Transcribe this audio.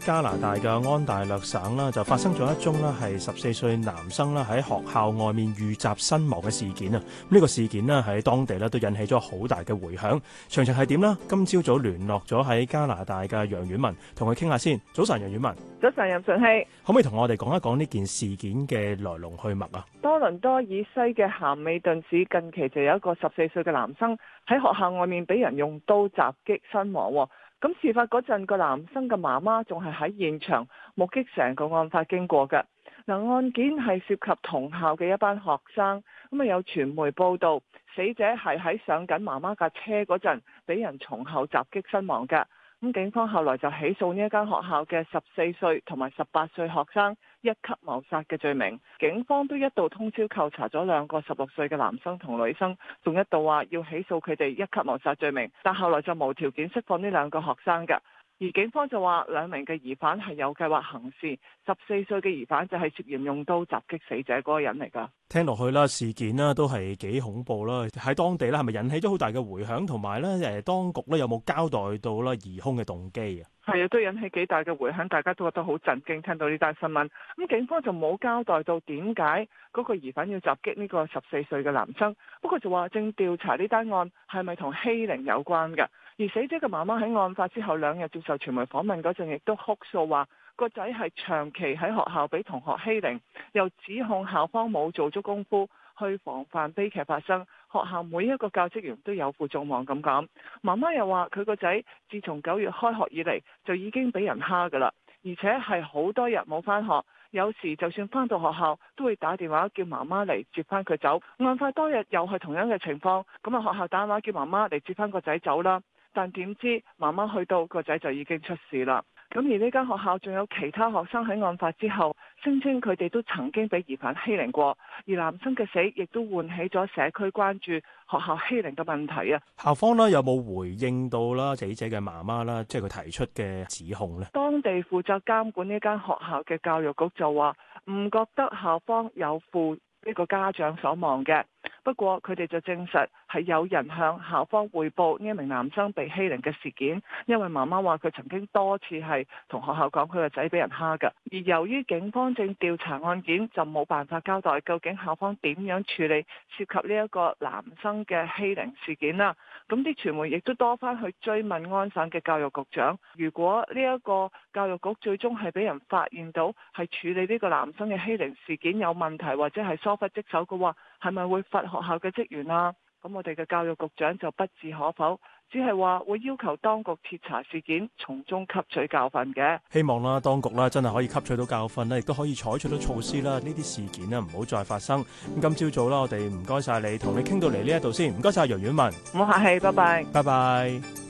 加拿大嘅安大略省啦，就發生咗一宗咧，係十四歲男生啦喺學校外面遇襲身亡嘅事件啊！呢、這個事件咧喺當地咧都引起咗好大嘅回響。詳情係點啦？今朝早聯絡咗喺加拿大嘅楊婉文，同佢傾下先。早晨，楊婉文。早晨，任順熙。可唔可以同我哋講一講呢件事件嘅來龍去脈啊？多倫多以西嘅咸美頓市近期就有一個十四歲嘅男生喺學校外面俾人用刀襲擊身亡。咁事發嗰陣，個男生嘅媽媽仲係喺現場目擊成個案發經過㗎。嗱，案件係涉及同校嘅一班學生，咁啊有傳媒報道，死者係喺上緊媽媽架車嗰陣，俾人從後襲擊身亡㗎。咁警方後來就起訴呢一間學校嘅十四歲同埋十八歲學生一級謀殺嘅罪名，警方都一度通宵扣查咗兩個十六歲嘅男生同女生，仲一度話要起訴佢哋一級謀殺罪名，但後來就無條件釋放呢兩個學生㗎。而警方就話兩名嘅疑犯係有計劃行事，十四歲嘅疑犯就係涉嫌用刀襲擊死者嗰個人嚟㗎。聽落去啦，事件啦都係幾恐怖啦，喺當地啦係咪引起咗好大嘅回響，同埋呢，誒，當局呢有冇交代到啦疑兇嘅動機啊？係啊，都引起幾大嘅回響，大家都覺得好震驚，聽到呢單新聞。咁警方就冇交代到點解嗰個疑犯要襲擊呢個十四歲嘅男生，不過就話正調查呢單案係咪同欺凌有關㗎。而死者嘅媽媽喺案發之後兩日接受傳媒訪問嗰陣，亦都哭訴話個仔係長期喺學校俾同學欺凌，又指控校方冇做足功夫去防範悲劇發生。學校每一個教職員都有負眾望咁講。媽媽又話，佢個仔自從九月開學以嚟就已經俾人蝦噶啦，而且係好多日冇翻學，有時就算翻到學校都會打電話叫媽媽嚟接翻佢走。案發當日又係同樣嘅情況，咁啊學校打電話叫媽媽嚟接翻個仔走啦。但點知媽媽去到個仔就已經出事啦。咁而呢間學校仲有其他學生喺案發之後，聲稱佢哋都曾經被疑犯欺凌過。而男生嘅死亦都喚起咗社區關注學校欺凌嘅問題啊。校方呢，有冇回應到啦死者嘅媽媽啦，即係佢提出嘅指控呢？當地負責監管呢間學校嘅教育局就話，唔覺得校方有負呢個家長所望嘅。不過佢哋就證實係有人向校方匯報呢一名男生被欺凌嘅事件。因為媽媽話佢曾經多次係同學校講佢個仔俾人蝦㗎。而由於警方正調查案件，就冇辦法交代究竟校方點樣處理涉及呢一個男生嘅欺凌事件啦。咁啲傳媒亦都多翻去追問安省嘅教育局長，如果呢一個教育局最終係俾人發現到係處理呢個男生嘅欺凌事件有問題，或者係疏忽職守嘅話係咪會罰學校嘅職員啊？咁我哋嘅教育局長就不置可否，只係話會要求當局徹查事件，從中吸取教訓嘅。希望啦，當局啦真係可以吸取到教訓啦，亦都可以採取到措施啦，呢啲事件啊唔好再發生。咁今朝早啦，我哋唔該晒你，同你傾到嚟呢一度先，唔該晒楊婉文，唔好客氣，拜拜，拜拜。